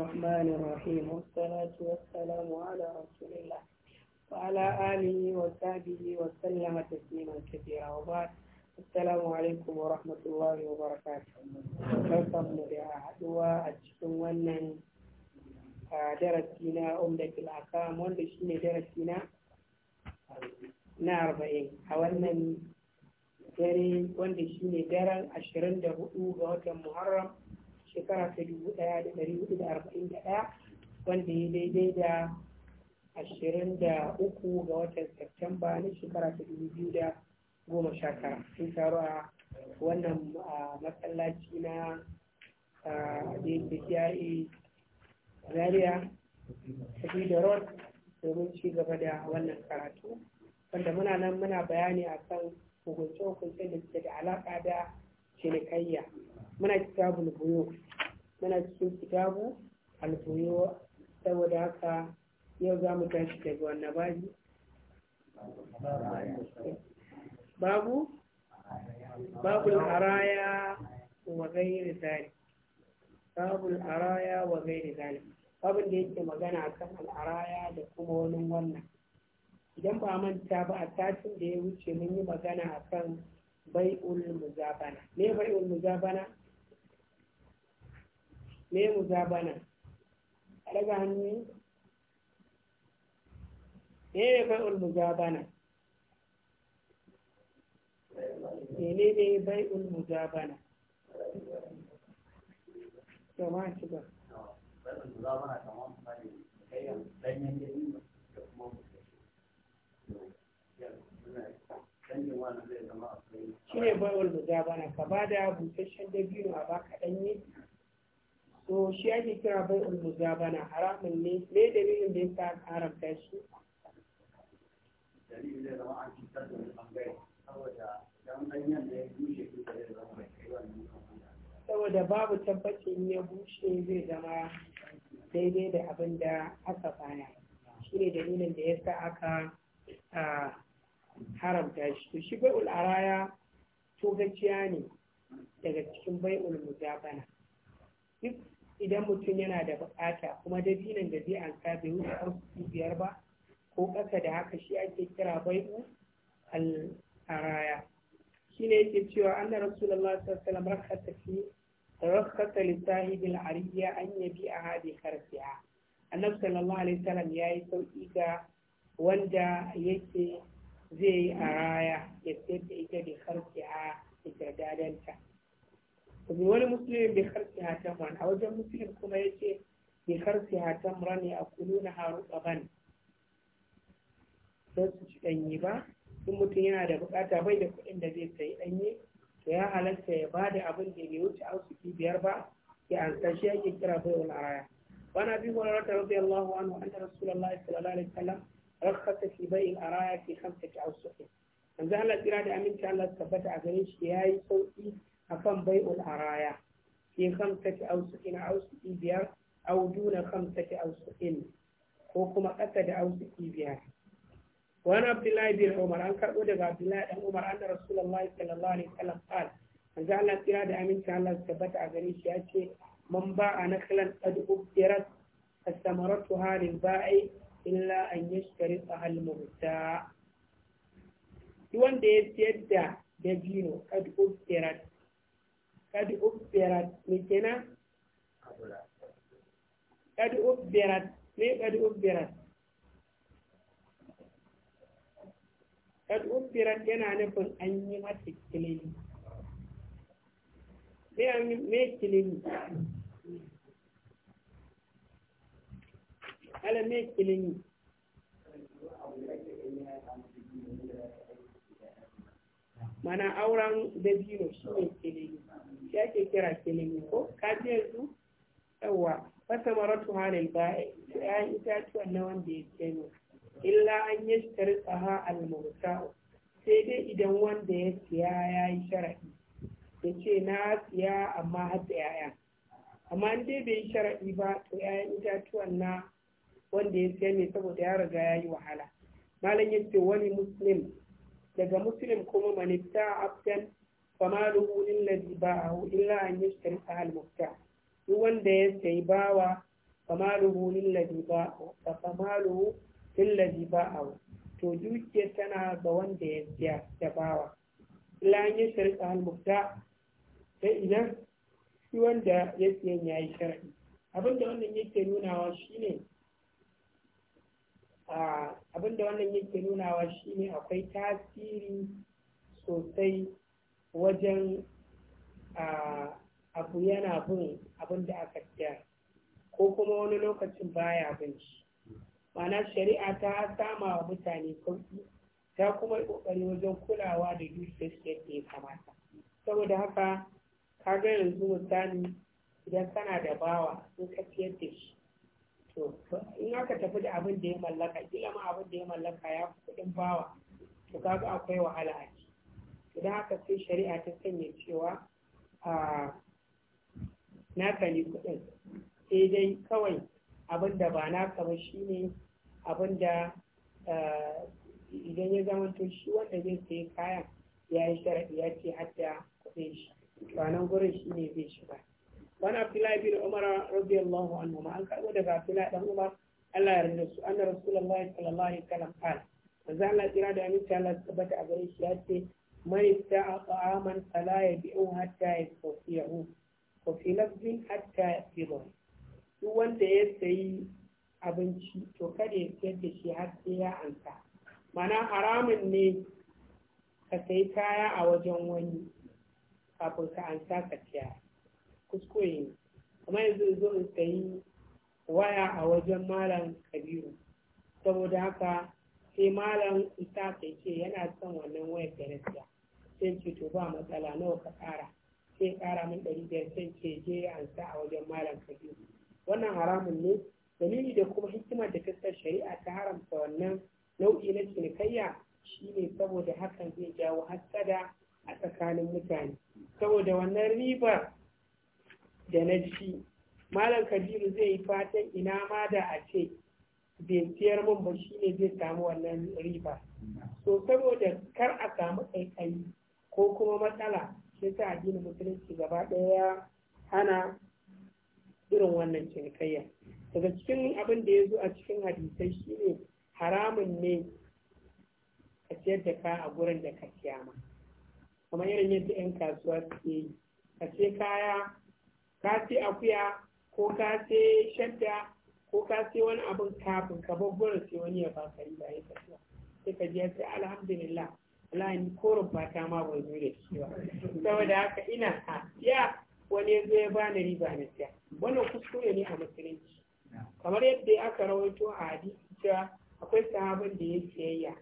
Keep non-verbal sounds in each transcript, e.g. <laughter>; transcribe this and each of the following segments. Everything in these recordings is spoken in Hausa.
الرحمن الرحيم والصلاة والسلام على رسول الله وعلى آله وصحبه وسلم تسليما كثيرا وبعد السلام عليكم ورحمة mu da haɗuwa a cikin wannan darasi na umdatul akam wanda shine darasi na na arba'in a wannan dare wanda shine daren ashirin da hudu ga watan muharram shekara ta dubu ɗaya da dari hudu da arba'in da ɗaya wanda ya daidai da ashirin da uku ga watan Septemba na shekara ta dubu biyu da goma sha tara sun taru a wannan masallaci na da yake kiyaye zaria da road domin ci gaba da wannan karatu wanda muna nan muna bayani akan hukunce-hukunce da suke da alaƙa da cinikayya muna kitabul buyo muna cikin kitabu albuyo saboda haka yau za mu tashi daga wannan babi babu babu haraya wa gairi zalim babu haraya wa gairi zalim babin da yake magana a kan al'araya da kuma wani wannan idan ba manta ba a satin da ya wuce mun yi magana a kan bai'ul muzabana me bai'ul muzabana me mu bana, a daga hannu me ne bai'ul muzabana mene ne bai'ul bana to ma ci ba bai'ul muzabana kamar misali kayan danyen da kuma ne ka ba da busasshen dabino a baka ɗanye to shi ake kira bai ulmuzabana haramun ne me dalilin da haramta ya bushe saboda babu tabbacin ya bushe zai zama daidai da abin da aka baya shine dalilin da yasa aka haramta shi to shi bai araya to ne daga cikin bai ulmuzabana idan mutum yana da bukata kuma da dinin da zai anka bai wuce arziki biyar ba ko ƙasa da haka shi ake kira ku al-araya ne yake cewa an rasu rasulullah sallallahu alaihi wasallam rakhasa fi rakata li sahibil ariya an yabi ahadi karfiha annabi sallallahu alaihi wasallam yi sauki ga wanda yake zai yi araya ya sai da ita da karfiya da dadanta ومن ولا مسلم بخرسها تمرا حوجا مسلم كما يتي بخرسها تمرا يأكلونها رطبا بس أني با ثم تينا ده بقعت أبي ده كأن ده زي سي أني يا على سي بعد أبن جيوش أو سكي بيربا يا أنتشي أي كرابي ولا رأي وأنا أبي هريرة رضي الله عنه أن رسول الله صلى الله عليه وسلم رخص في بيع الأراية في خمسة أوسق. أنزل الإرادة أمين كان الله ثبت أغنيش يا يسوي kan bai'ul araya fi khamsati awsuqin awsuqi biyar aw duna khamsati in, ko kuma ƙasa da awsuqi biyar wani abdullahi bin umar an karbo daga abdullahi dan umar anna rasulullahi sallallahu alaihi wasallam qala manzo Allah tsira da aminci Allah tabbata a gare shi yace ce man ba'a naklan qad ubtirat as-samaratuha lil ba'i illa an yashtari ahal mubta wanda ya siyar da dabino kad ubtirat kad ubbirat me kenan kad ubbirat me kad ubbirat kad ubbirat yana ne an yi mata kilimi me kilimi ala me kilimi mana auran da biyu shi ne kilimi ya ake kira kilimi ko ka je yanzu yawa fasa maratu halil ya ‘ya'yan itatuwan na wanda ya ce ne illa an yi shitari tsaha al sai dai idan wanda ya siya ya yi sharaɗi ya ce na siya amma har da ‘ya'ya amma an dai bai yi sharaɗi ba to ‘ya'yan itatuwan na wanda ya siya ne saboda ya riga ya yi wahala malam ya wani muslim daga muslim kuma manifta abdan fama lahu lillazi illa an yashtarika al mubta duk wanda ya sayi bawa fama lahu lillazi ba'ahu fa fama to dukiyar tana ga wanda ya siya illa an yashtarika al mubta sai idan shi wanda ya siya ya yi sharadi wannan yake nunawa nunawa shine akwai tasiri sosai wajen abu yana bin abin da aka siya ko kuma wani lokacin baya bin shi mana shari'a ta sama wa mutane sauki ta kuma kokari wajen kulawa da dukiyar yadda ya kamata saboda haka ka ga yanzu misali idan kana da bawa sun ka siyar da shi to in aka tafi da abin da ya mallaka kila ma abin da ya mallaka ya kuɗin bawa to kaga akwai wahala a ciki idan haka sai shari'a ta sanya cewa a naka ne kuɗin sai dai kawai abin da ba naka ba shine abin da idan ya zama to shi wanda zai sayi kayan ya yi sharaɗi ya ce hadda kudin shi ba gurin shi ne zai shiga wani abdullahi bin umar radiyallahu anhu ma an karɓo daga abdullahi dan umar Allah ya rinda su anna rasulullahi sallallahu alaihi wasallam qala manzo Allah kira da aminci Allah tabbata a gare shi ya ce من ادعى طعاما فلا يبيعه حتى يستوفيه وفي لفظ حتى يقبضه duk wanda ya sayi abinci to kada ya sayar da shi har sai ya ansa mana haramun ne ka sayi kaya a wajen wani kafin ka ansa ka siya kuskure ne kuma yanzu zo in sayi waya a wajen malam kabiru saboda haka sai malam isa ka ce yana son wannan wayar da na siya nawa ka ƙara sai kara min ɗari biyar sai ke je ansa a wajen malam kabiru wannan haramun ne dalili da kuma hikimar da ta shari'a ta haramta wannan nau'i na cinikayya shine saboda hakan zai jawo hassada a tsakanin mutane saboda wannan ribar da na ji malam kabiru zai yi fatan ina ma da a ce bai siyar min ba shine zai samu wannan riba so saboda kar a samu kaikayi ko kuma matsala shi ta addinin musulunci gaba ɗaya hana irin wannan cinikayya daga cikin abin da ya zo a cikin hadisai shine haramun ne ka siyar da ka a gurin da ka siya ma kamar irin yadda 'yan kasuwa suke yi ka ce kaya ka ce akuya ko ka ce shadda ko ka ce wani abin kafin ka bar gurin sai wani ya baka riba ya kasuwa sai ka je alhamdulillah lain ko ba ta ma ban zo shi ba. Saboda haka ina a ya wani ya ya bani riba na siya. Wannan kuskure ne a musulunci. Kamar yadda aka rawaito a hadisi cewa akwai sahabin da ya siyayya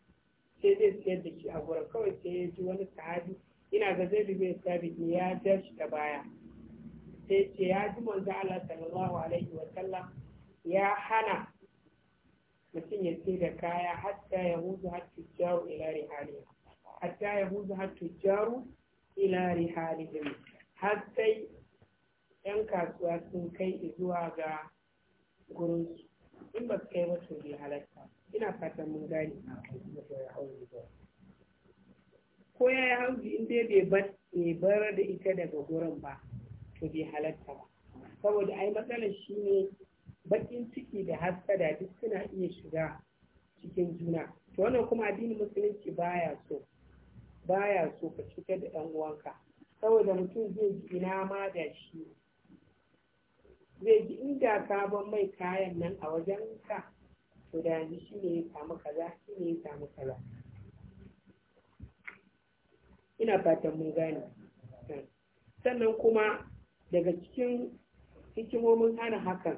sai zai siyar da shi a gurin kawai sai ya ji wani sahabi ina ga zai bai sabi ya jar shi da baya sai ce ya ji manzo Allah sallallahu alaihi wa sallam ya hana mutum ya ce da kaya hatta ya huzu hatta jaru ila rihaliya hatta ya huzu tujjaru ila rihalihim har sai yan kasuwa sun kai zuwa ga gurinsu in ba su kai ba to bai halatta ina fatan mun gane ko ya yi hauji in dai bai bar da ita daga gurin ba to bai halatta ba saboda ai matsalar shi ne bakin ciki da hassada duk suna iya shiga cikin juna to wannan kuma addinin musulunci baya so baya so ka cutar da ɗan uwanka saboda mutum zai ji ina ma da shi zai ji inda ka mai kayan nan a wajen ka to da yanzu shi ne ya samu kaza shi ne ya samu kaza ina fatan mun gane sannan kuma daga cikin hikimomin hana hakan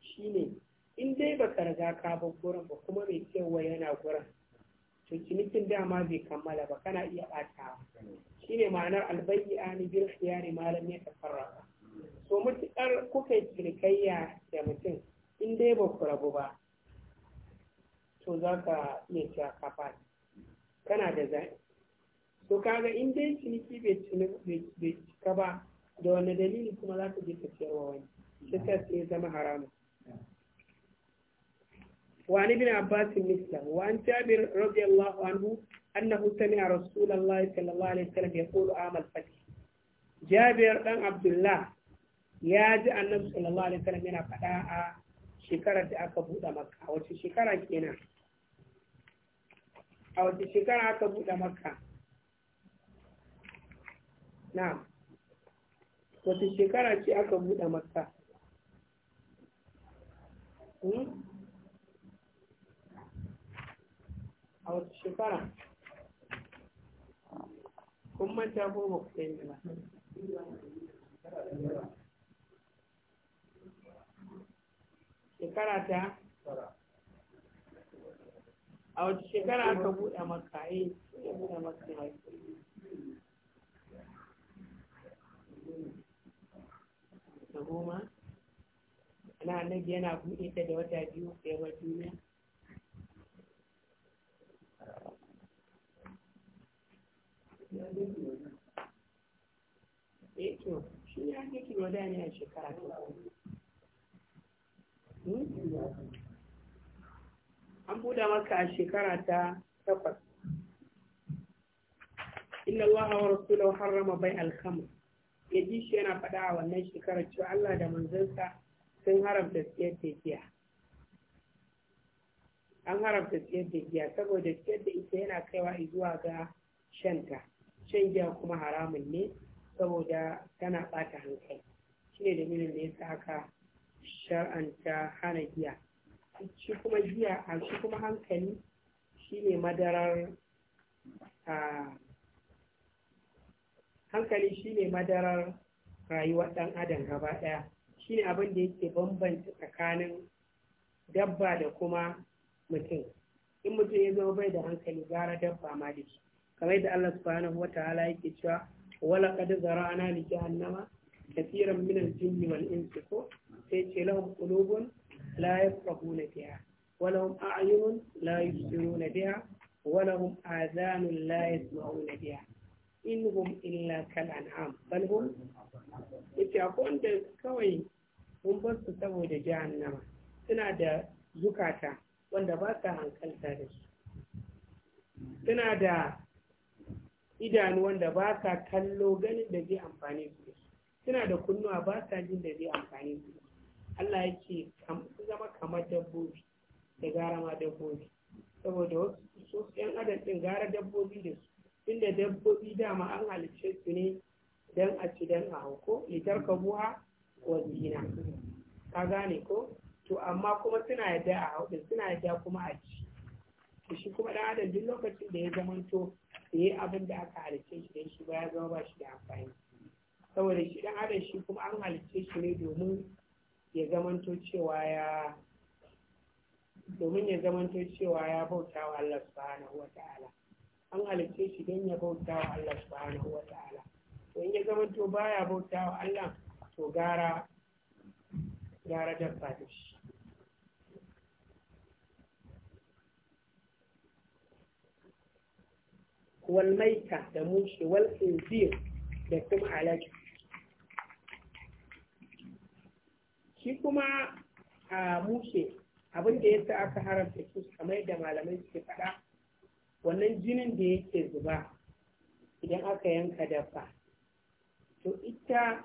shine in dai baka riga ka bar gurin ba kuma mai cewa yana gurin to dama bai kammala ba kana iya Shi shine ma'anar albayi ni bil khiyari malam ya tafarraka so mutukar kuka yi cinikayya da mutum in dai ba ku rabu ba to za ka iya cewa kafa kana da zai to kaga in dai ciniki bai cika ba da wani dalili kuma za ka je ka ciyarwa wani shi ya zama haramun وعن ابن عباس مثله وعن جابر رضي الله عنه أنه سمع رسول الله صلى الله عليه وسلم يقول عام الفتح جابر بن عبد الله يا جاء النبي صلى الله عليه وسلم من فدا شكرة أكبود مكة أو شكرة كنا أو شكرة أكبود مكة نعم wata shekara ce aka buɗe a wata shekara kun manta ko ba ku sani ba shekara ta a wata shekara aka buɗe maka eh ya buɗe maka da goma ana annabi yana buɗe ta da wata biyu ya bar duniya eh ne da a hmm? an buɗa maka a shekara ta takwas inna Allah wa harrama bai alhamr ya ji shi yana faɗa a wannan shekarar cewa Allah da manzansa sun haramta siyar da an haramta siyar da giya saboda siyar da ita yana kaiwa zuwa ga shanta shan giya kuma haramun ne saboda tana ɓata hankali shi ne dalilin da ya sa aka shar'anta hana giya shi kuma giya a shi kuma hankali shi ne madarar hankali shi ne madarar rayuwar ɗan adam gaba ɗaya shi ne abin da yake bambanta tsakanin dabba da kuma mutum in mutum ya zama bai da hankali gara dabba ma da shi kamar yadda Allah subhanahu wa ta'ala yake cewa wala qad zara'ana li jahannama kathiran min al-jinni wal insi ko sai ce lahum qulubun la yafqahuna biha wa lahum a'yunun la yubsiruna biha wa lahum adhanun la yasma'una biha in hum illa kal an'am bal hum yace da kawai mun bar su saboda jahannama suna da zukata wanda ba ka hankalta da su suna da idanu wanda ba ka kallo ganin da zai amfani su da suna da kunnuwa ba ka jin da zai amfani su Allah ya ke zama kamar dabbobi da gara ma dabbobi saboda wasu yan adam ɗin gara dabbobi da su inda dabbobi dama an halicce su ne dan a ci dan a hauko litar kabuha wa zina ka gane ko to amma kuma suna yadda a haɗu suna yadda kuma a ci to shi kuma ɗan adam duk lokacin da ya to da ya abin da aka halicce shi da shi ba ya zama ba shi da amfani saboda shi ɗan adam shi kuma an halicce shi ne domin ya to cewa ya domin ya to cewa ya bauta wa Allah subhanahu wa ta'ala an halicce shi don ya bauta wa Allah subhanahu wa ta'ala to in ya to baya bauta wa Allah to gara gara dabba da shi wal da mushe wal khinzir da kuma alaji shi kuma a mushe abin da yasa aka haramta shi kamar da malamai suke faɗa wannan jinin da yake zuba idan aka yanka dabba to ita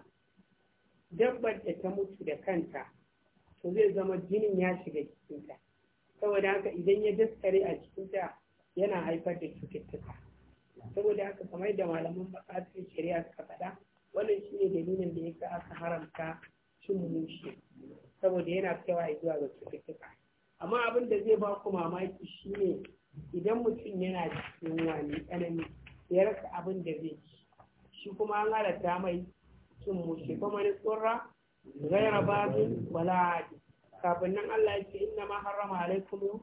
dabbar da ta mutu da kanta to zai zama jinin ya shiga jikinta saboda haka idan ya daskare a jikinta yana haifar da cututtuka saboda haka kamar da malaman bakatun shari'a suka faɗa wannan shi ne dalilin da ya sa aka haramta cin mushi saboda yana kaiwa zuwa ga cututtuka amma abin da zai ba ku mamaki shine idan mutum yana cikin wani tsanani ya rasa abin da zai ci shi kuma an halatta mai cin mushi kuma ni tsorra gaira bazin wala kafin nan Allah ya ce inna ma harrama alaikum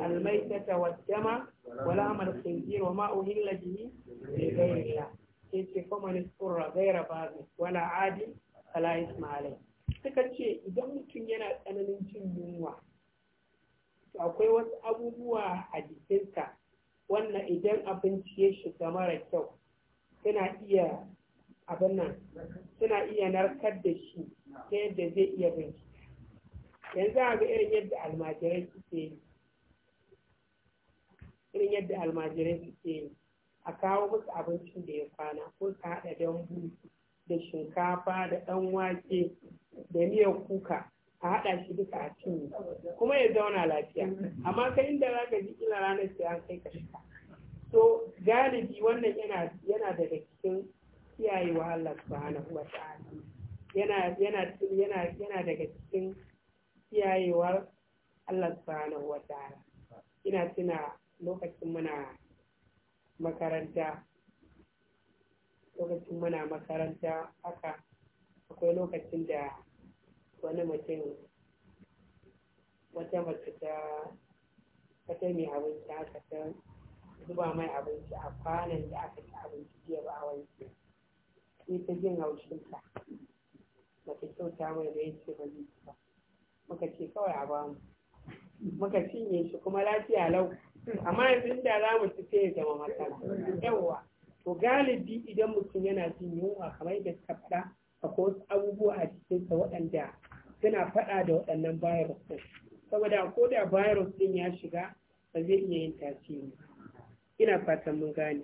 almaytata wad-dama wa lahmal khinzir wa ma uhilla bihi li ghayri sai ce fa man isqurra ghayra baghi wala adi fala isma alai suka ce idan mutum yana tsananin cin yunwa to akwai wasu abubuwa a jikinsa wannan idan abinci ya shiga mara kyau suna iya abin suna iya narkar da shi ta yadda zai iya binci yanzu a ga irin yadda almajirai suke yi irin yadda almajirai suke yi a kawo musu abincin da ya kwana ko ka haɗa dambu da shinkafa da ɗan wake da miyan kuka a haɗa shi duka a cinye kuma ya zauna lafiya amma kai inda za ka ji ina ranar sai an kai ka shiga so galibi wannan yana daga cikin kiyayewa Allah subhanahu wa ta'ala yana daga cikin kiyayewar Allah subhanahu wa ta'ala ina tuna lokacin muna makaranta lokacin muna makaranta haka akwai lokacin da wani mutum wata mace ta wata mai abinci haka ta zuba mai abinci a kwanan da aka ci abinci jiya ba a wanke ni ta jin haushinta mace kyauta mai da ya ce ba zai ba muka ce kawai a bamu muka cinye shi kuma lafiya lau amma yanzu inda za mu ci sai ya zama matsala yawwa to galibi idan mutum yana jin yunwa kamar da suka faɗa akwai wasu abubuwa a cikinsa waɗanda suna faɗa da waɗannan virus ɗin saboda ko da virus ɗin ya shiga ba zai iya yin tasiri ina fatan mun gane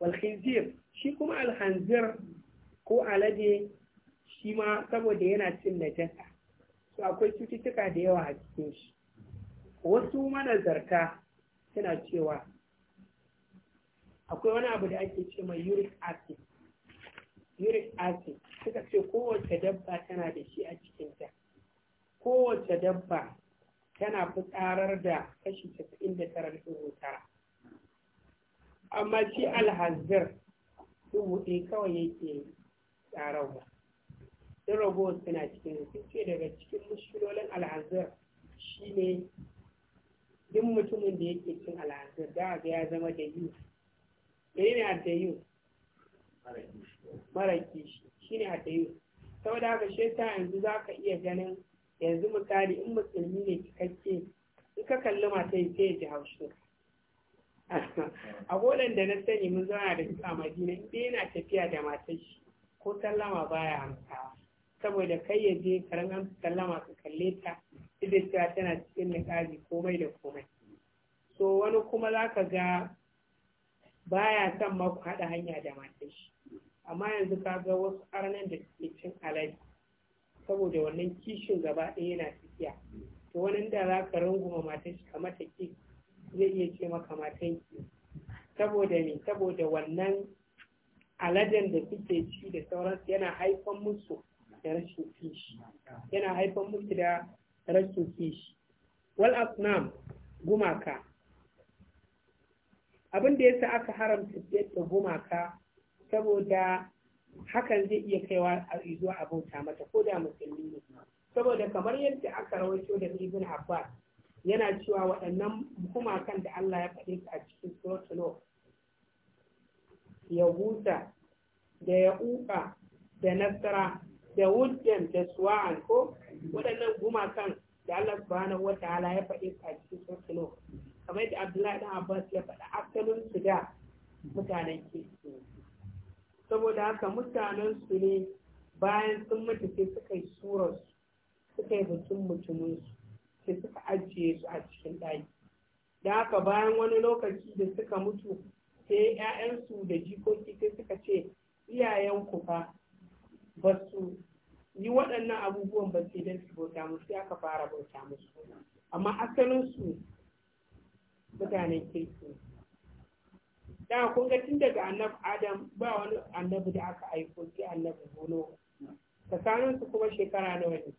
walhizir shi kuma alhanzir ko alade shi ma saboda yana cin najasa to akwai cututtuka da yawa a cikin shi wasu manazarta suna cewa akwai wani abu da ake ce mai uric acid uric acid suka ce kowace dabba tana da shi a cikinta kowace dabba tana fitarar da kashi da tara, amma shi alhazir dubu ɗaya kawai yake tsararwa sun rago suna cikin sun ce daga cikin mushkilolin shi shine duk mutumin da yake cin al'azir da ga ya zama da yi ne ne da yi maraki shi shine a da yi saboda haka shi ta yanzu za ka iya ganin yanzu misali in musulmi ne cikakke in ka kalli mata sai ya ji haushi a golan da na sani mun zauna da su a madina in yana tafiya da matashi. ko sallama baya amsawa saboda kai ya je karan an sallama ka kalle ta tana cikin niƙabi komai da komai so wani kuma za ka ga baya son ma ku haɗa hanya da matan shi amma yanzu ka ga wasu arnan da suke cin alade saboda wannan kishin gaba ɗaya yana tafiya to wani da za ka runguma matan shi kamar ta ki zai iya ce maka matan ki saboda me saboda wannan aladen da suke ci da sauransu yana haifan musu da rashin kishi yana haifar muku da rashin kishi wal asnam gumaka abin da yasa aka haramta yadda gumaka saboda hakan zai iya kaiwa a zuwa abota mata ko da musulmi ne saboda kamar yadda aka rawaito da ibn abbas yana cewa waɗannan gumakan da Allah ya faɗe a cikin suratul ya huta da ya uka da nasara da wujjan da suwa'an ko waɗannan gumakan da Allah subhanahu wa ta'ala ya faɗi a cikin sosino kamar yadda Abdullahi da Abbas ya faɗa asalin su da mutanen ke. saboda haka mutanen su ne bayan sun mutu sai suka yi surar suka yi bikin mutumin su sai suka ajiye su a cikin ɗaki da haka bayan wani lokaci da suka mutu sai 'ya'yansu da jikoki sai suka ce iyayenku fa ba su yi waɗannan abubuwan ba sai don su bauta musu sai aka fara bauta musu amma asalin su mutanen kirki da kun ga tun daga annabi adam ba wani annabi da aka aiko sai annabi gono tsakanin su kuma shekara nawa ne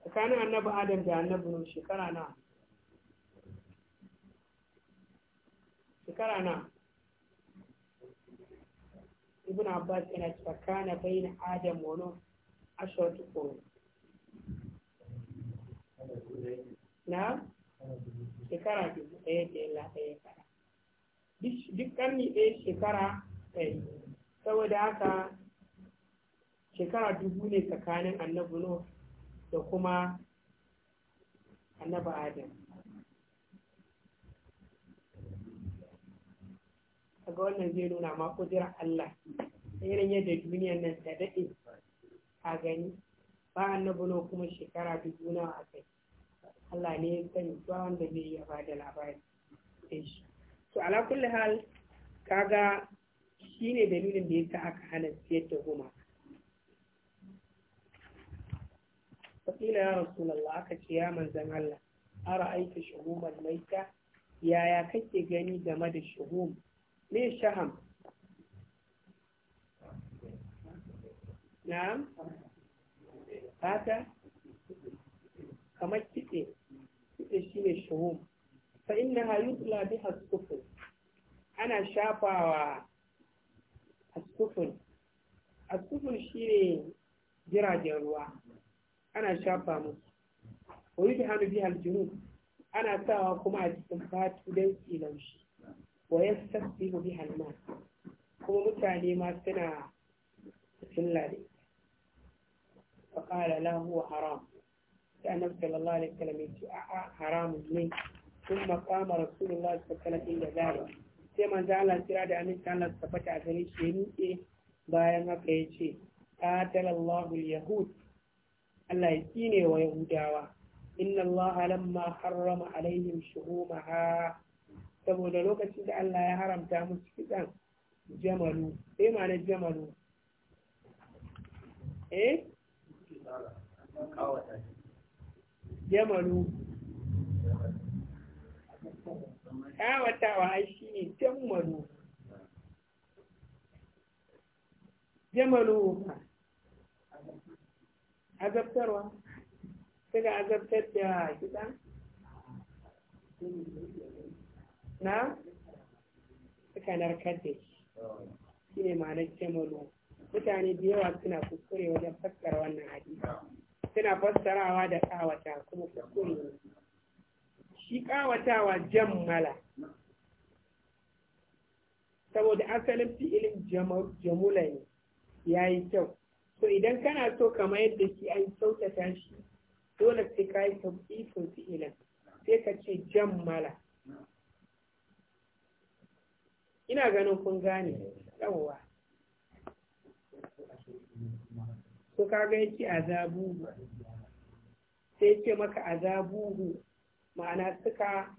tsakanin annabi adam da annabi nuhu shekara nawa shekara nawa ibn abbas yana tsakana kana bayin adam wa nuh ashratu na shekara dubu ɗaya da yalla ɗaya kara duk ƙarni ɗaya shekara ɗari saboda haka shekara dubu ne tsakanin annabi da kuma annabi adam kaga wannan zai nuna ma jira Allah irin yadda duniyar nan ta daɗe a gani ba annabi no kuma shekara dubu nawa a kai Allah ne ya sani ba wanda zai ya ba da labari to ala kulli hal kaga shine dalilin da yasa aka hana siyar da goma. faƙila ya rasulallah aka ce ya manzan Allah ara aika shuhumar maita yaya kake gani game da shuhum me shaham na'am fata kamar kitse kitse shine shuhum fa innaha yutla biha as-sufur ana shafawa as-sufur as-sufur shine jiragen ruwa ana shafa musu wa yudhanu biha al ana sawa kuma a cikin fatu dan su laushi wa yastasbihu biha al-nas kuma mutane ma suna sunna ne fa qala la huwa haram sai annabi sallallahu a'a ne ثم قام رسول الله عليه وسلم إلى ذلك sai manzo Allah kira da amin Allah tabbata a gare shi ne bayan haka ya ce qatalallahu yahud Allah ya tsine wa yahudawa inna Allah lamma alaihim shuhumaha saboda lokacin da Allah ya haramta musu kitsan jamalu eh mana jamalu eh jamalu kawatawa ai shi ne jamalu jamalu azabtarwa sai ga azabtar da kitsan na suka narkar da shi shi ne ma'anar jamalu mutane da yawa suna kuskure wajen fassara wannan hadisi suna fassarawa da kawata kuma kuskure ne shi kawatawa jammala saboda asalin fi'ilin jamula ne ya yi kyau so idan kana so kama yadda shi an kyautata shi dole sai ka yi tabbifin fi'ilin sai ka ce jammala ina ganin kun gane yawwa ko kaga yake azabu sai yake maka azabu ma'ana suka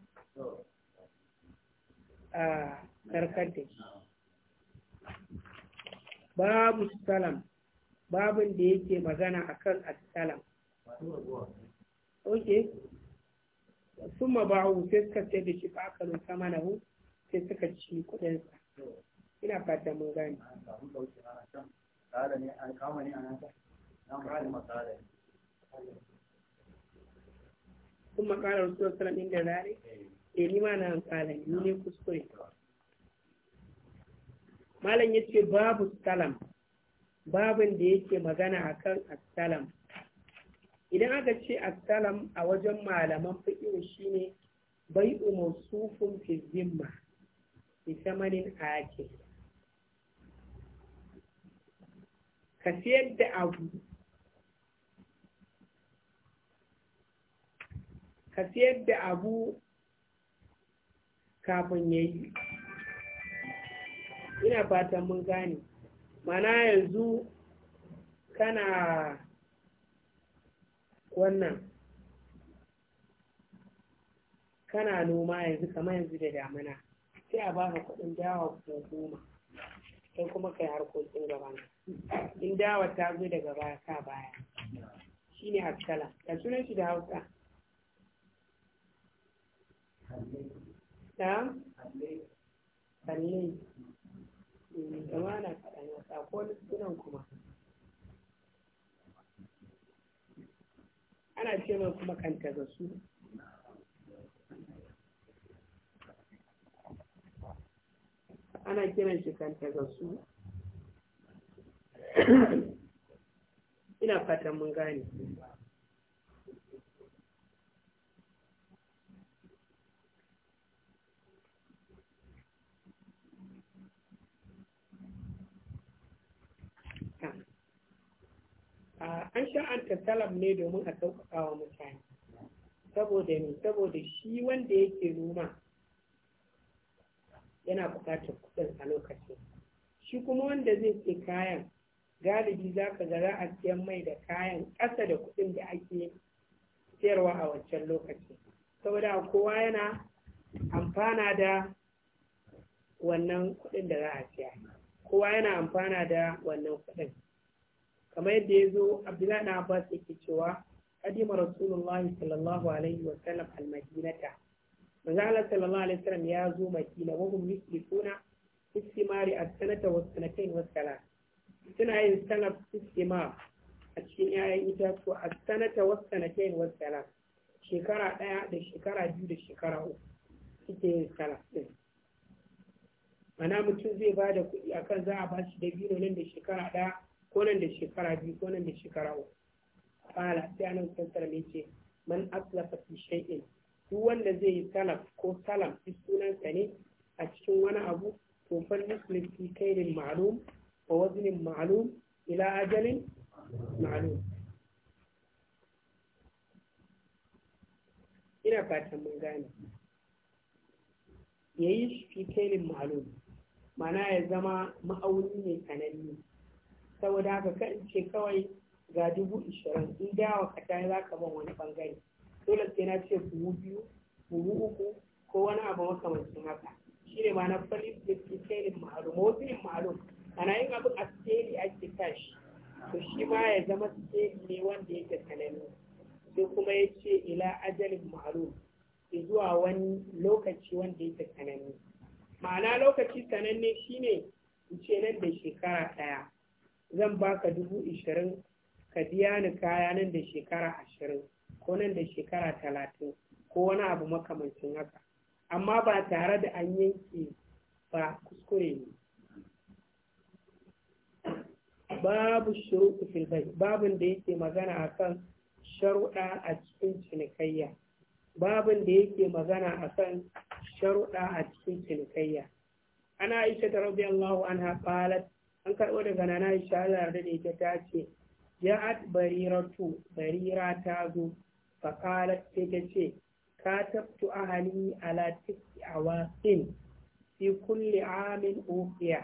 a karkar da shi babu salam babin da yake magana akan asalam ok ma ba'u sai suka sai da shi fa'akalun sama mana hu sai suka ci kuɗinsa ina fata mun gane kuma makala rasulullah sallam inda zare eh ni ma na ni ne kuskure malam yace babu salam babin da yake magana akan assalam idan aka ce assalam a wajen malaman fiqh shine bai'u mawsufun fi zimma bisamanin ake ka siyar da abu ka siyar da abu kafin ya yi ina fatan mun gane mana yanzu kana wannan kana noma yanzu kamar yanzu da damina sai a baka kuɗin dawa ko goma sai kuma kai harkokin gaba in dawa ta zo daga baya ka baya shine askala da sunan shi da hausa da sannan gama na kaɗan wasa ko sunan kuma ana ce mai kuma kanta ga su ana kiran shi kantagassu ina fatan mun gane ah, an sha'anta salaf ne domin a sauƙaƙa wa mutane saboda ne saboda shi wanda yake noma yana buƙatar kuɗin a lokacin shi kuma wanda zai ke kayan galibi za ka ga a siyan mai da kayan ƙasa da kuɗin da ake siyarwa a wancan lokaci saboda kowa yana amfana da wannan kuɗin da za a siya kowa yana amfana da wannan kuɗin kamar yadda ya zo abdullahi na abbas yake cewa kadima rasulullahi sallallahu alaihi wa sallam almadinata manzo Allah sallallahu alaihi wasallam ya zo Madina wa hum yuslikuna istimari as-sanata wa sanatayn wa salat suna yin sanaf istimar a cikin 'ya'yan itatuwa as-sanata wa sanatayn wa salat shekara ɗaya da shekara biyu da shekara uku suke yin salat din mana mutum zai ba da kuɗi akan za a ba shi da biyu nan da shekara ɗaya ko nan da shekara biyu ko nan da shekara uku qala sai annabi sallallahu alaihi ce yace man aslafa fi shay'in duk wanda zai yi salaf ko salam sunansa ne a cikin wani abu to fa muslim fi kairin ma'lum wa waznin ma'lum ila ajalin ma'lum ina fatan mun gane yayi fi kaidin ma'lum mana ya zama ma'auni ne sananne saboda haka kan ce kawai ga dubu ishirin in dawa ka ta za ka ban wani bangare dole sai na ce buhu biyu buhu uku ko wani abu makamancin haka shi ne ma na falis da ke tsayin ma'alum mawafin ma'alum ana yin abin a tseli ake tashi to shi ma ya zama tseli ne wanda yake sananne sai kuma ya ce ila ajalin ma'alum zuwa wani lokaci wanda yake sananne ma'ana lokaci sananne shine in ce nan da shekara ɗaya zan baka dubu ishirin ka biya ni kaya nan da shekara ashirin ko nan da shekara talatin ko wani abu makamancin haka amma ba tare da an yanke ba kuskure ne babu shuruɗu fil bai babin da yake magana akan sharuɗa a cikin cinikayya babin da yake magana akan sharuɗa a cikin cinikayya ana aisha ta rabbi Allahu anha qalat an karɓo daga nana aisha Allah da ita ta ce Barira tu barira ta zo fakalar sai ta ce katabtu ahali ala tiki a wasin fi kulle amin ofiya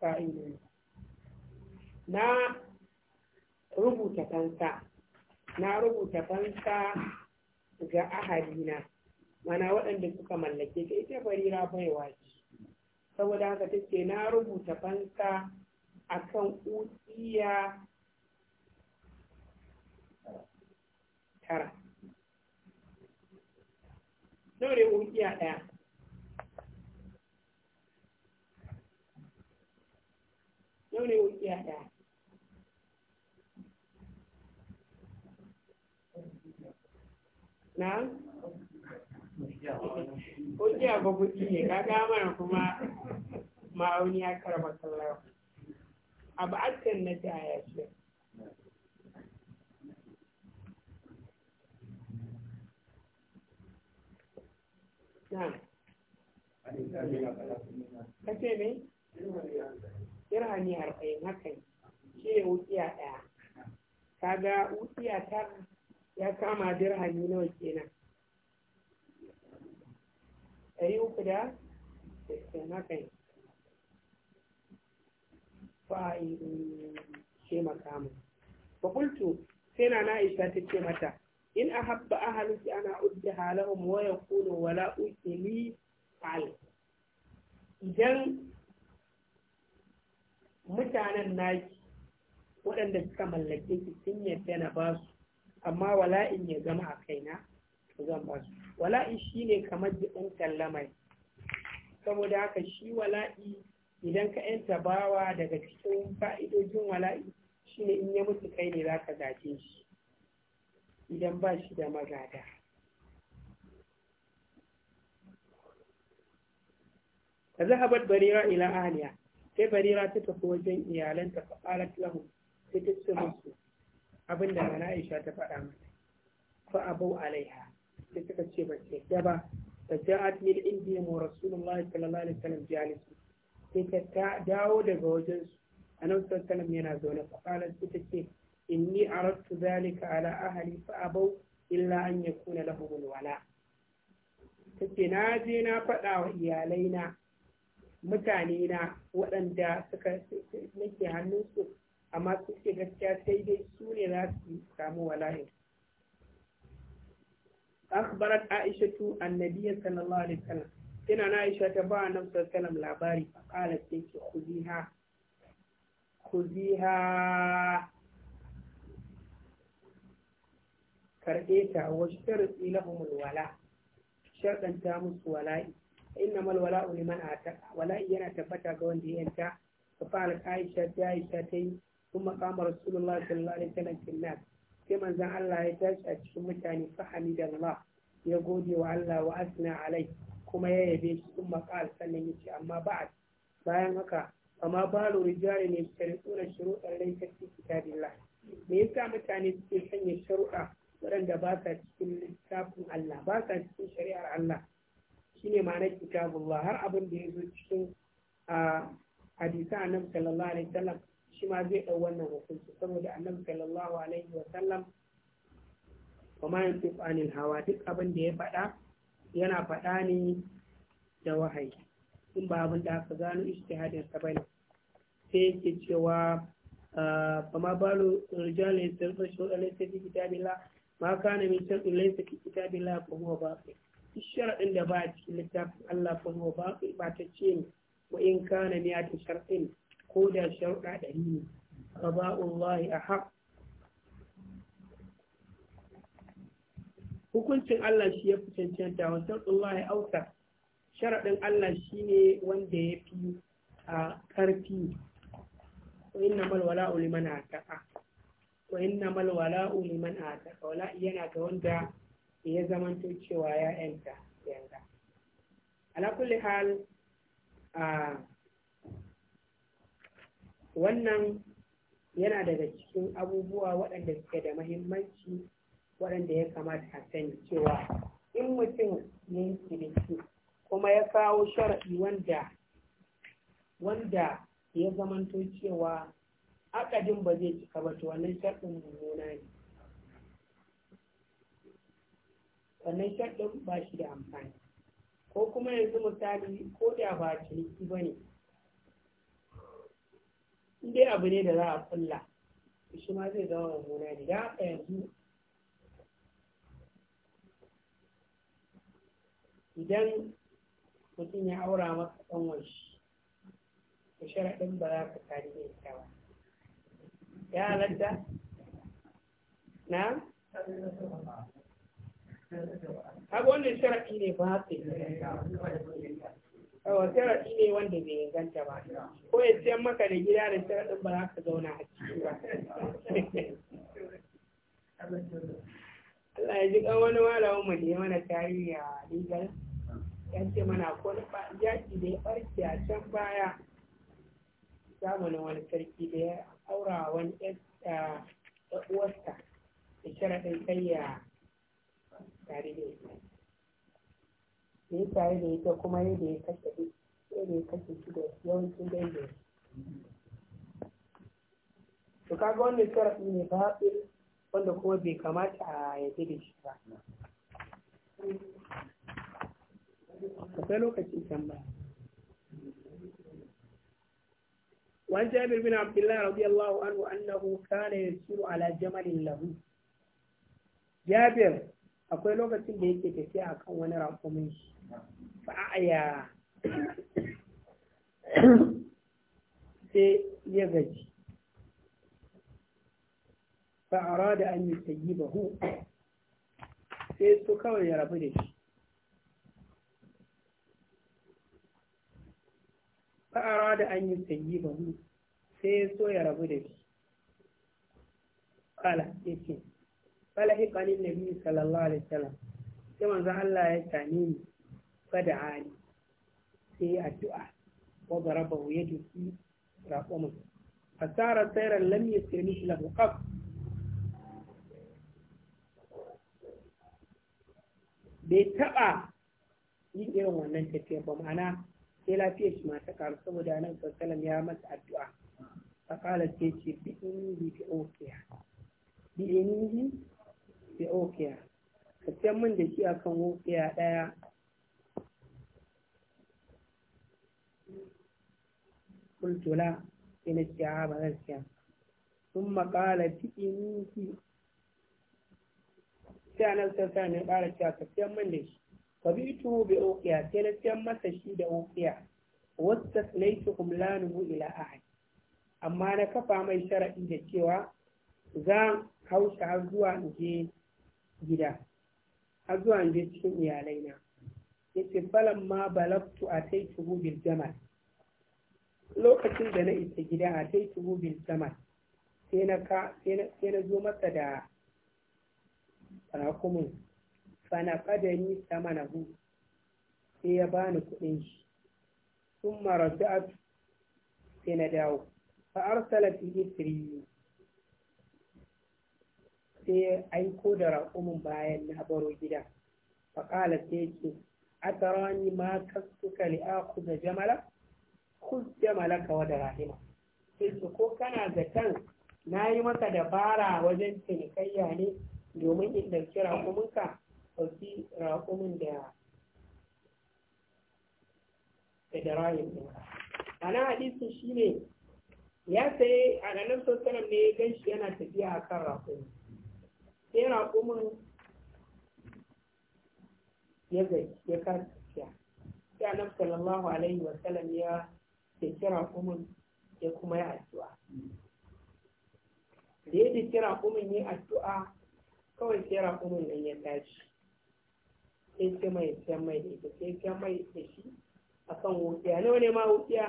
fa'ilu na rubuta fansa na rubuta fansa ga ahalina mana waɗanda suka mallake ta ita barira baiwa ce saboda haka take na rubuta fansa akan ukiya tara ne ukiya ɗaya nawa ne ukiya ɗaya na ukiya ba kuma ma'auni ya karba abu na ya ce ka ce ne dirhami arba'in hakan shi ne wutsiya ɗaya kaga wutsiya ta ya kama dirhami nawa kenan ɗari uku da sittin hakan fa'in ce makamu ba kultu sai na na isa ta ce mata in a a halittu ana uddaha lahum wa yaqulu wala ni fal idan mutanen naki waɗanda suka mallake su sun yadda na ba su amma wala'in ya zama a kaina to zan ba su wala'i shine kamar jiɗin kallamai saboda haka shi wala'i idan ka yanta bawa daga cikin fa'idojin wala'i ne in ya mutu kai ne ka gaje shi idan ba shi da magada Da zahabar barira ila Aliya, sai barira ta tafi wajen iyalanta ta qalat lahun sai ta ce musu abinda mana Aisha ta faɗa mata fa abau alaiha sai suka ce ba ce da ba ta ja'at min indi mu rasulullahi sallallahu alaihi wasallam jalis sai ta dawo daga wajen su nan sallallahu alaihi wasallam yana zaune fa qalat sai ta ce inni aradtu dhalika ala ahli fa abau illa an yakuna lahum alwala tace na je na faɗa wa iyalaina mutane na waɗanda suka nake hannunsu amma su gaskiya sai dai su ne za su samu wala'in akhbarat عائشة annabiyya sallallahu alaihi wasallam tana na aisha ta ba annabi labari fa qalat sai karɓe ta wasu sharuɗi lahumul wala sharɗanta musu wala'i inna mal wala'u liman ata wala'i yana tabbata ga wanda ya yanta fa fa'al aisha ta aisha ta yi kuma kama rasulullahi sallallahu alaihi wasallam fil nas sai manzon Allah ya tashi a cikin mutane fa hamidallah ya gode wa Allah wa asna alai kuma ya yabe shi kuma qal sannan ya amma ba'd bayan haka amma balu rijali ne da shuru'an laysa fi kitabillah me yasa mutane suke sanya shuru'a waɗanda ba sa cikin littafin Allah ba sa cikin shari'ar Allah shine ma'anar kitabullah har abin da ya zo cikin hadisa annabi sallallahu alaihi wasallam shi ma zai ɗau wannan hukunci saboda annabi sallallahu alaihi wasallam kuma yin tufanin hawa duk abin da ya faɗa yana faɗa ne da wahayi in ba abin da aka gano ijtihadin sa bane sai yake cewa fama بال رجال يستلقي شهود ليس في كتاب الله ma kana min shar'in laysa fi kitabillah fa huwa batil duk sharadin da ba a littafin Allah fa huwa batil ba ta ce ne wa in kana miyatu shar'in ko da sharuɗa ɗari ne a ahaq hukuncin Allah shi ya fi cancanta wa sharɗullahi auta Sharadin Allah shi ne wanda ya fi a ƙarfi inna malwala uliman a ta'a wa inna mal wala'u liman ta wala yana ga wanda ya zamanto cewa ya yanta yanta ala hal a wannan yana daga cikin abubuwa waɗanda suke da mahimmanci waɗanda ya kamata a sani cewa in mutum ya yi kuma ya kawo sharaɗi wanda wanda ya zamanto cewa akadin ba zai cika ba to wannan sharɗin mummuna ne wannan ba shi da amfani ko kuma yanzu misali ko da ba ciniki ba ne dai abu ne da za a kulla shi ma zai zama mummuna ne da haka yanzu idan mutum ya aura maka ɗan wanshi da sharaɗin ba za ka kari da ita ba ya halatta na haka wannan sharaɗi ne ba su yawa sharaɗi ne wanda bai ganta ba ko ya ce maka da gida da sharaɗin ba za ka zauna a ciki ba Allah ya ji kan wani malamin mu ne mana tarihi a legal ya ce mana ko yaki da ya barke a can baya zamanin wani sarki da ya aura wani yadda uwarsa da sharaɗin tsayya tare da ita ya tare da ita kuma da ya kashe yadda ya kashe shi da yawancin dangin to kaga wannan sharaɗi ne ba wanda kuma bai kamata a yaje da shi ba akwai lokacin ba. Wani جابر بن عبد الله رضي الله عنه أنه كان يسير على جمل له akwai lokacin da yake tafiya a kan wani rakumin shi fa'aya sai ya gaji fa'ara da an yi sayi bahu sai su kawai ya rabu da shi fa'ara da an yi sayi mu sai ya so ya rabu da shi kala ya ce kala hikanin nabi sallallahu alaihi wasallam sai manzo Allah ya tani ni kada ali sai addu'a wa darabahu A tsara fasara sayran lam yasrish lahu qab bai taɓa yin irin wannan tafiya ba ma'ana sai lafiyar shi mata karu saboda nan sassalam ya mata addu'a a kala ce ce bi indi bi okiya bi indi bi okiya ka san min da shi akan okiya daya kultula sai na ce a ba zan siya sun makala bi indi sai a nan sassalam ya kara cewa ka san min da shi fabitu bi uqiya sai na ciyar masa shi da uqiya wasta laitu kumlanuhu ila ahad amma na kafa mai sharadi da cewa za hau shi har zuwa in gida a zuwa in je cikin iyalai na yace ma balaftu a sai tuhu bil lokacin da na isa gida a sai tuhu bil sai na zo masa da rakumin fana kadani hu. sai ya bani kuɗin shi sun marasu'atu sai na dawo fa arsala fi isri sai ya aiko da raƙumin bayan na baro gida fa ƙala sai ce tarani ma kasuka li da jamala jamala ka wada rahima sai ce ko kana kan na yi maka dabara wajen cinikayya ne domin in ɗauki raƙuminka ɗauki raƙumin da da rayin ɗinka ma'ana shi ne ya saye a ranar sosanar ne ya gan shi yana tafiya a kan raƙumi sai raƙumin ya gaji ya kasa tafiya sai nan sallallahu alaihi wa sallam ya daki raƙumin ya kuma ya addu'a da ya daki raƙumin ya addu'a kawai sai raƙumin nan ya tashi sai ce mai sayan mai da ita sai sayan mai da shi a kan wukiya nawa ne ma wukiya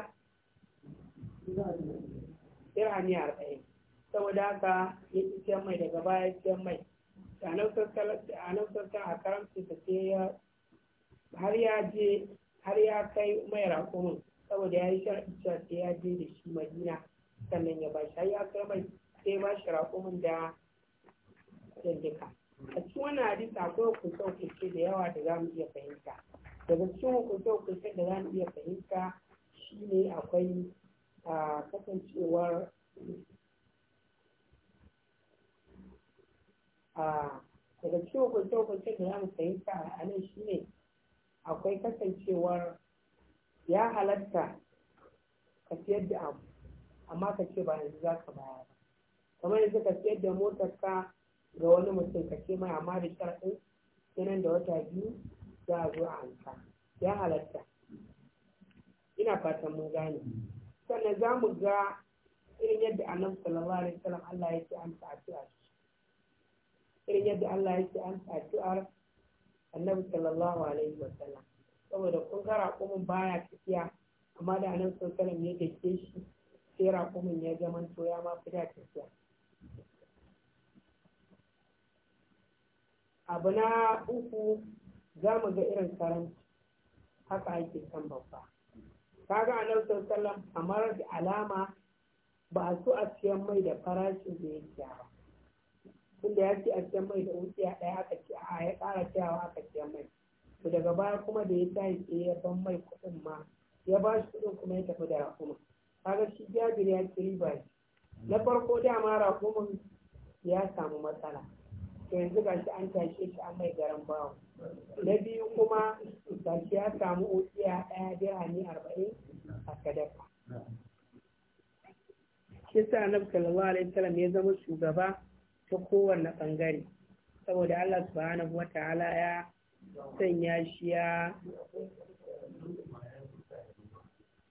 a ɗaya saboda haka ya ci sayan mai daga baya ya mai a nan sassan a karamci da ce ya har ya je har ya kai mai rakumin saboda ya yi sharɗi sai ya je da shi madina sannan ya ba shi har ya kai mai sai ba shi rakumin da dandika a cikin wannan hadisi akwai hukunce hukunce da yawa da za mu iya fahimta daga cikin hukunce hukunce da za mu iya fahimta shine akwai kasancewar daga cikin hukunce hukunce da za mu fahimta a nan shine akwai kasancewar ya halatta ka siyar da abu amma ka ce ba yanzu za ka baya ba kamar yanzu ka siyar da motar ka ga wani mutum ka ce mai amma da sharaɗin nan da wata biyu za a zo a amsa ya halatta ina fatan mun gane sannan za mu ga irin yadda annabi sallallahu alaihi wasallam Allah ya yake amsa addu'a irin yadda Allah ya yake amsa addu'ar annabi sallallahu alaihi wasallam saboda kun ga raƙumin baya tafiya amma da annabi sallallahu alaihi wasallam ya dake shi sai raƙumin ya zama to ya ma fi da tafiya abu na uku za mu ga irin karanci haka ake kan babba kaga a nan sallam kamar da alama ba a so a siyan mai da farashin da ya siya ba tunda ya ce a siyan mai da wuciya ɗaya aka ce a ya ƙara cewa aka siyan mai to daga baya kuma da ya tashi ke ya ban mai kuɗin ma ya ba shi kuɗin kuma ya tafi da Ka kaga shi jabir ya ci riba na farko dama raƙumin ya samu matsala yanzu ga shi an tashe shi an mai garan bawa na biyu kuma shi ya samu ukiya ɗaya birane arba'in a sadaka shi sa annabi sallallahu alaihi wasallam ya zama shugaba ta kowanne bangare saboda Allah subhanahu wata'ala ya sanya shi ya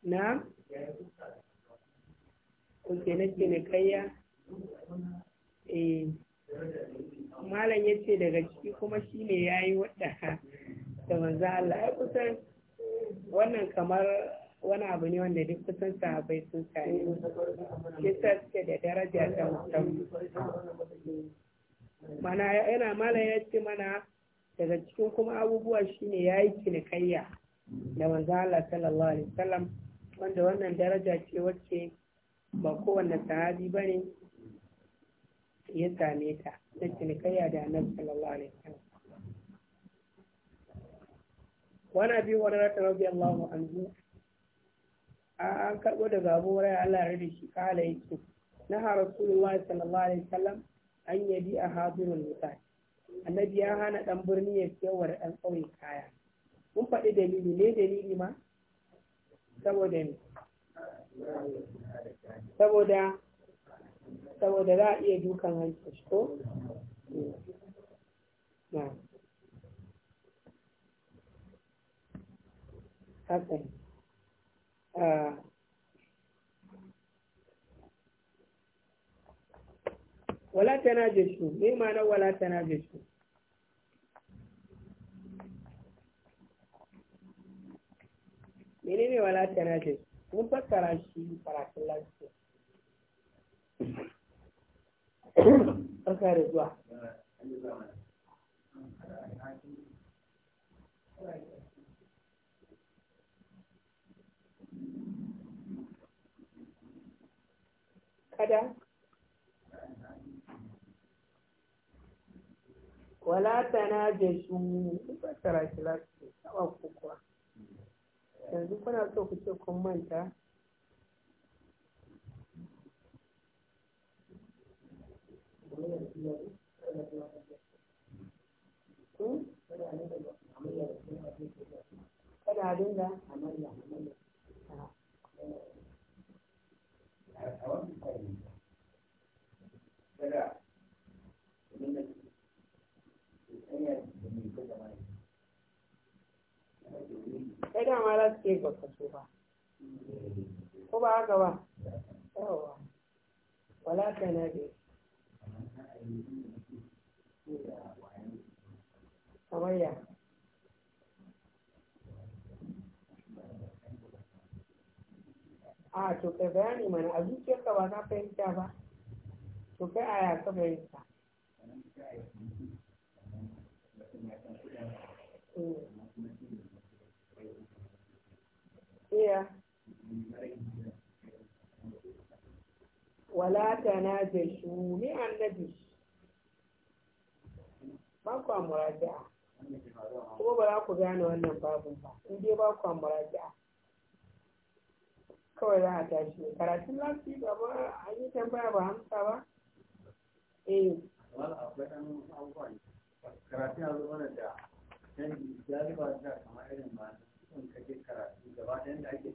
na kuke nake ne kayya eh malam ya ce daga ciki kuma shi ne ya yi wadda da manzo Allah ya kusan wannan kamar wani abu ne wanda duk kusan sahabai sun sami kisa suke da daraja ta musamman mana yana malam ya ce mana daga cikin kuma abubuwa shine ya yi cinikayya da manzo Allah sallallahu alaihi wasallam wanda wannan daraja ce wacce ba kowanne sahabi ba ne ya same ta na cinikayya da annabi sallallahu alaihi wasallam wani abi wani rabi Allahu anhu an karbo da gabo rai Allah da shi kala yake na ha rasulullah sallallahu alaihi wasallam an yabi a hadirul misal annabi ya hana dan birni ya siyarwa dan tsawon kaya mun faɗi dalili ne dalili ma saboda saboda saboda za a iya dukan hancin shi ko? na wala tana jeshu me ma'anar wala tana jeshu menene wala tana shi? mun fassara shi karatun lafiya <coughs> barka da zuwa kada wala na da su fassara shi lafiya kuwa yanzu kuna so ku ce kun manta Rajendra अमरिया Amariya kaga mara ce ba ka so ba ko ba haka ba yawa wala kana dai kamar ya a ah, to kai bayani mana a zuciyarka ba na fahimta ba to kai a ya ka fahimta hmm. iya wala ta na jashu ni annabi ba ku muraja'a kuma ba za ku gane wannan ba kawai za a tashi ne karatun lafi ba ba an yi tambaya ba hamsa ba eh karatun ya da kamar irin ba sun kake karatu gaba da ake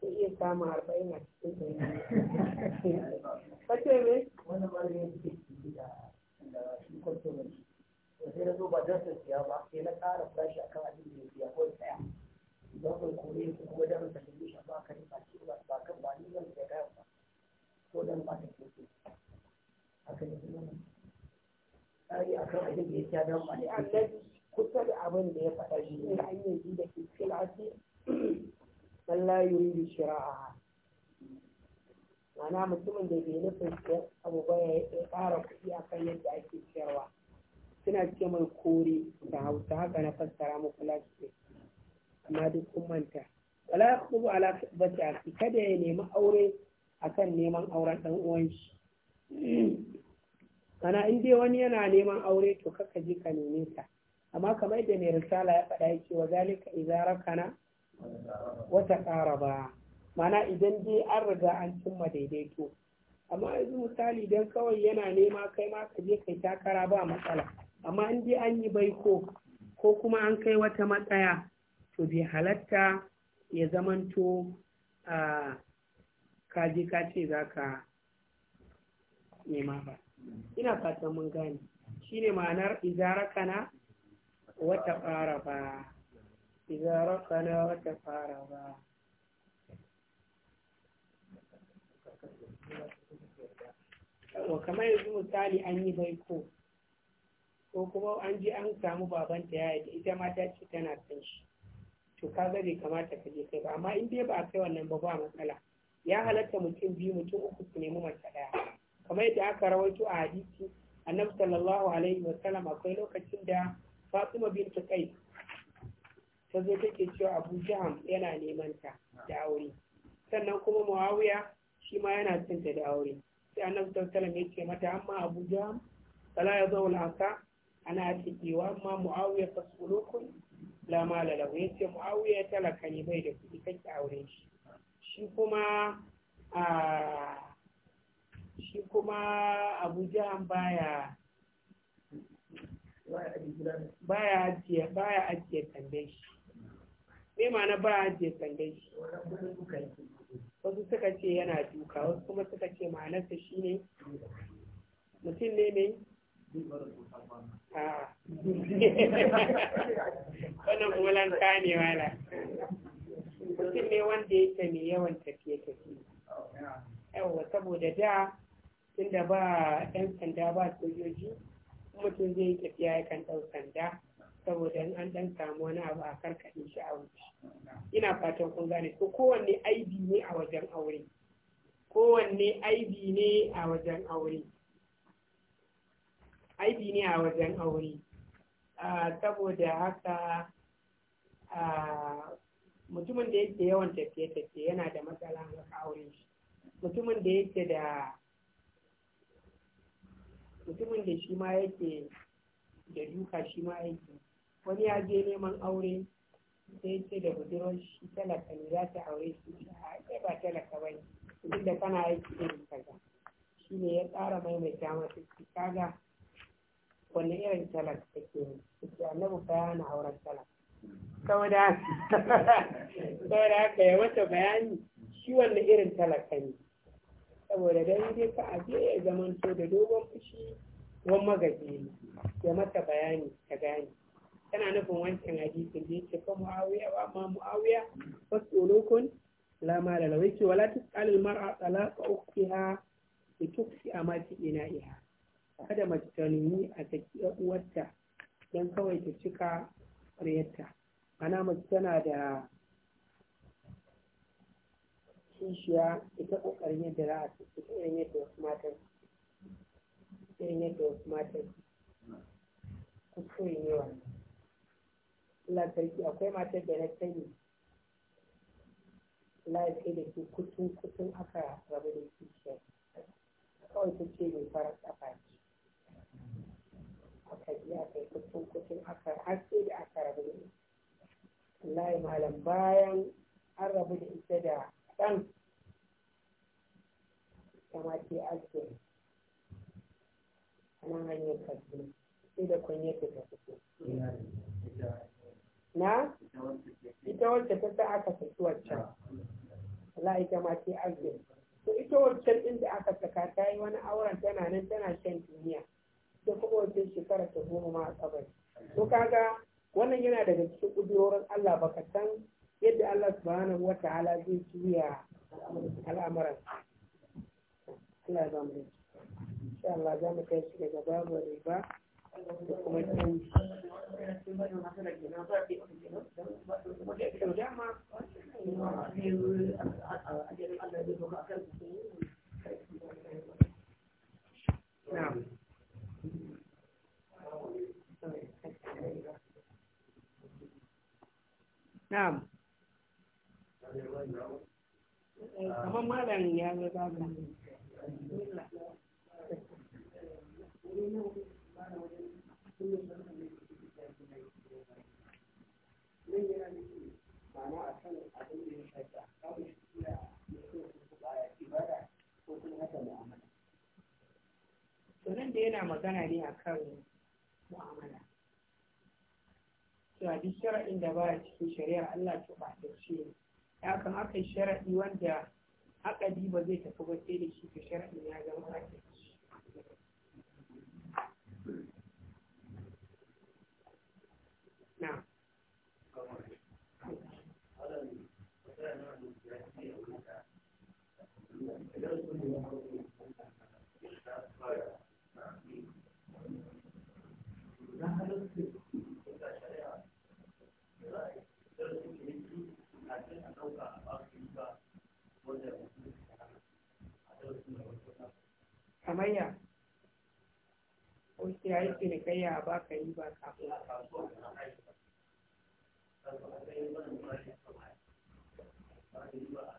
zai iya samun arba'in a cikin ɗari me ne ba siya ba sai na ƙara farashi akan abin da ya siya ko tsaya don kuma da ba ba ba ba ni ba ko dan ba ta kike haka ne kuma da abin da ya faɗa shi ne hanyar da ke cikin man la shira'a ma'ana mutumin da bai nufin siyar abu ba ya ƙara kuɗi akan yadda ake siyarwa suna ce mai kore da hausa haka na fassara muku lafiya amma duk kun manta wala yakhudhu ala a fi kada ya nemi aure akan neman auren ɗan uwan shi mana in dai wani yana neman aure to kaka je ka neme sa amma kamar da mai risala ya faɗa yake wa zalika raka rakana wata ƙara ba mana idan dai an riga an cimma daidaito amma yanzu misali don kawai yana nema kai ma ka je kai takara ba matsala amma in dai an yi baiko ko kuma an kai wata matsaya to bai halatta ya zamanto a kaji ka ce za ka nema ba ina fatan mun gane shine ma'anar izarakana wata ƙara ba إذا رقنا وتقاربا kamar yanzu misali an yi baiko ko kuma an je an samu babanta ya yi ita ma ta ce tana son shi to ka ga bai kamata ka je kai ba amma in dai ba a kai wannan ba ba matsala ya halatta mutum biyu mutum uku su nemi mace ɗaya kamar yadda aka rawaito a hadisi annabi sallallahu alaihi wasallam akwai lokacin da fatima bintu kai. ta zo take cewa abu jaham yana neman ta da aure sannan kuma muawiya shi ma yana son ta da aure sai annabi sallallahu ya ce mata amma abu jaham fala yazawul asa ana tiki amma muawiya fasulukun la mala lahu yace muawiya talaka ne bai da kuɗi kake aure shi shi kuma a shi kuma abu jaham baya baya ajiye baya ajiye tambaye shi me ma'ana ba a je sandai wasu suka ce yana duka wasu kuma suka ce ma'anarsa shine mutum ne mai a wannan kuma lanka ne wala mutum ne wanda yake mai yawan tafiye-tafiye yawa saboda da tunda ba 'yan sanda ba sojoji mutum zai tafiya ya kan ɗau sanda saboda in an dan samu wani abu a karkaɗe shi a wuce ina fatan kun gane ko kowanne aibi ne a wajen aure kowanne aibi ne a wajen aure aibi ne a wajen aure saboda haka mutumin da yake yawan tafiye-tafiye yana da matsala a aure shi mutumin da yake da mutumin da shi ma yake da duka shi ma yake wani ya je neman aure sai ce da budurwar shi talaka ne za ta aure shi a ba talaka ba ne duk da kana aiki irin kaza shi ne ya tsara maimaita masu shi kaga wani irin talaka take ne suke annabi ka yana auren talaka saboda saboda haka ya wata bayani shi wani irin talaka ne saboda dan dai ka aje ya to da dogon fushi wani magaji ne ya mata bayani ta gane tana nufin wancan hadisin da yake fa muawiya wa ma muawiya fasulukun la ma da lawai wala tisal al mar'a talaqa ukhtiha bi tuksi amati iha kada mace ta nemi a saki uwarta dan kawai ta cika riyarta ana mace tana da kishiya ita kokarin yadda za a saki irin yadda wasu matan irin yadda wasu matan kuskure ne wannan lantarki sarki akwai matar da na sani lafiya da ke kutun kutun aka rabu da kishiyar kawai ta ce mai fara kafa ce aka ji aka yi kutun kutun aka haske da aka rabu da ita Allah malam bayan an rabu da ita da ɗan kama ce ake ana hanyar kasu sai da kunyar ta fito. na ita wacce ta sa aka saki waccan Allah ita ma ce arziki to ita waccan inda aka saka ta yi wani auren tana nan tana shan duniya sai kuma wacce shekara ta goma ma a to kaga wannan yana daga cikin ƙudurorin Allah baka san yadda Allah subhanahu wa ta'ala zai juya al'amuran Allah ya zama insha Allah za mu kai shi daga babu riba da kuma canji Na'am. Kamar malam ya zo Bismillah. nan da yana magana ne a kan mu'amala cewa duk shara'in da baya cikin shari'ar Allah to ba ta ce ya kan aka wanda akadi ba zai tafi ba sai da shi ta shara'in ya zama akadi na kamayya ko sai ya yi cinikayya a baka yi ba kafin a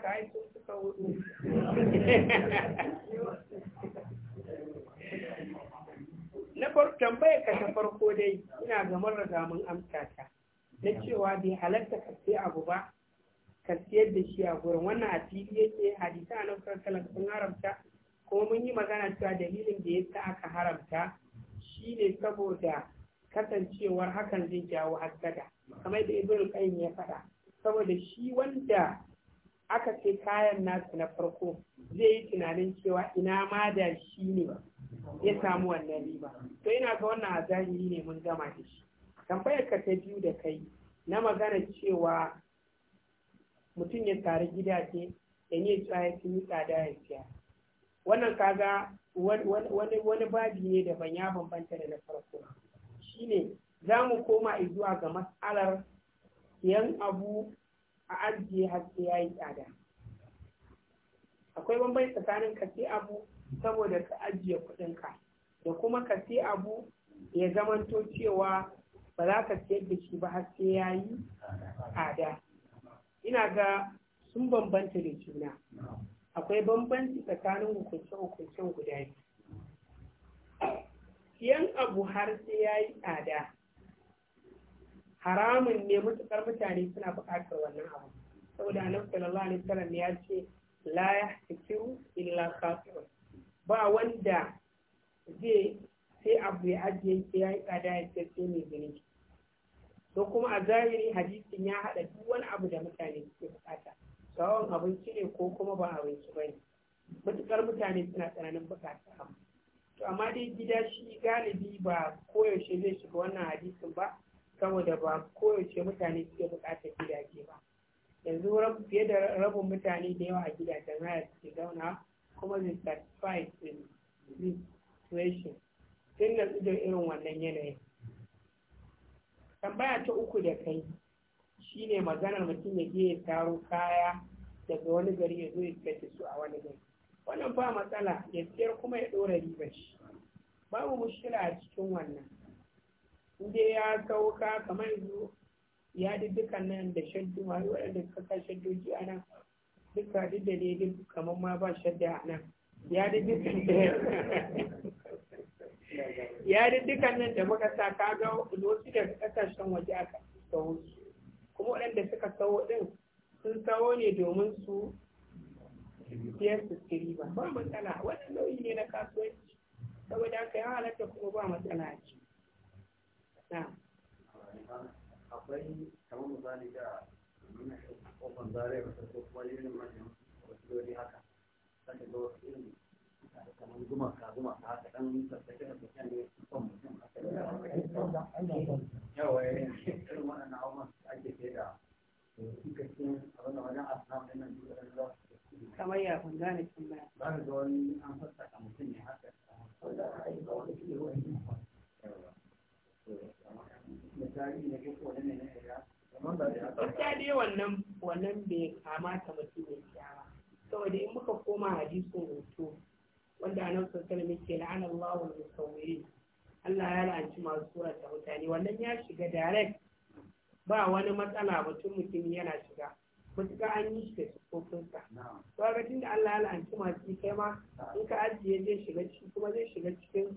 haka ai sun suka na farko tambaya ka ta farko dai ina ga marar mun amsa ta na cewa bai halarta ka sai abu ba ka siyar da shi a gurin wannan a fili yake hadisa a nan kalan sun haramta ko mun yi magana cewa dalilin da ya sa aka haramta shine saboda kasancewar hakan zai jawo hasada kamar da ibrahim qayyim ya faɗa saboda shi wanda aka ce kayan nasu na farko zai yi tunanin cewa ina ma da shi ne ya samu wannan riba to ina ga wannan azahiri ne mun gama da shi tambayar ka ta biyu da kai na magana cewa mutum ya tare gidaje da ne tsaya fi yi tsada ya siya wannan kaga wani babi ne da ban ya bambanta da na farko shine za mu koma zuwa ga matsalar siyan abu a ajiye haske ya yi tsada akwai bambai tsakanin ka sai abu saboda ka ajiye kuɗinka da kuma ka sai abu ya zamanto cewa ba za ka siyar da shi ba haske ya yi tsada ina ga sun bambanta da juna akwai bambanci tsakanin hukunce-hukuncen guda biyu siyan abu har sai ya yi tsada haramun ne mutukar mutane suna bukatar wannan abu saboda annabi sallallahu alaihi wasallam ya ce la yahtiku illa khasirun ba wanda zai sai abu ya ajiye ya yi tsada ya ce sai mai zunubi to kuma a zahiri hadisin ya haɗa duk wani abu da mutane suke buƙata tsawon abinci ne ko kuma ba abinci ba ne matuƙar mutane suna tsananin buƙatar to amma dai gida shi galibi ba koyaushe zai shiga wannan hadisin ba saboda ba koyaushe mutane suke buƙatar gidaje ba yanzu fiye da rabin mutane da yawa a gidajen haya suke zauna kuma they satisfy in this situation tun da da irin wannan yanayin tambaya ta uku da kai shine maganar mutum ya je ya taro kaya daga wani gari ya zo ya su a wani gari wannan ba matsala ya siyar kuma ya ɗora ribar shi babu mushkila a cikin wannan inda ya sauka kamar yanzu ya ji dukkan nan da shaddu ma waɗanda suka sa shaddu a ana duka duk da ne duk kamar ma ba shadda a nan ya ji dukkan <laughs> ya ji dukkan nan da muka sa ka ga wasu daga ƙasashen waje aka sau kuma waɗanda suka sau ɗin sun sau ne domin su siyar su ba ba matsala wani nau'i ne na kasuwanci saboda haka ya halatta kuma ba matsala ce akwai kamar misali da kofan zare ba ta ko kuma irin manyan wasiloli haka sake ga wasu irin kamar gumaka gumaka haka da ne son haka da irin ake ke da cikakken abin da ba ga wani an sassaka mutum ne haka Misali wannan wannan bai kamata mutum ya siya ba. Saboda in muka koma hadisin hoto wanda anan sun sanar muke la'ana Allahu al-musawwirin. Allah ya la'anci masu surata mutane wannan ya shiga direct ba wani matsala mutum mutum yana shiga. Mutuka an yi shi da sukofinsa. Saboda tun da Allah ya la'anci masu kai ma in ka ajiye zai shiga ciki kuma zai shiga cikin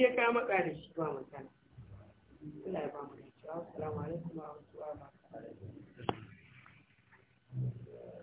sai ka matsa da shi ba matsala Allah ya ba mu da cewa assalamu alaikum wa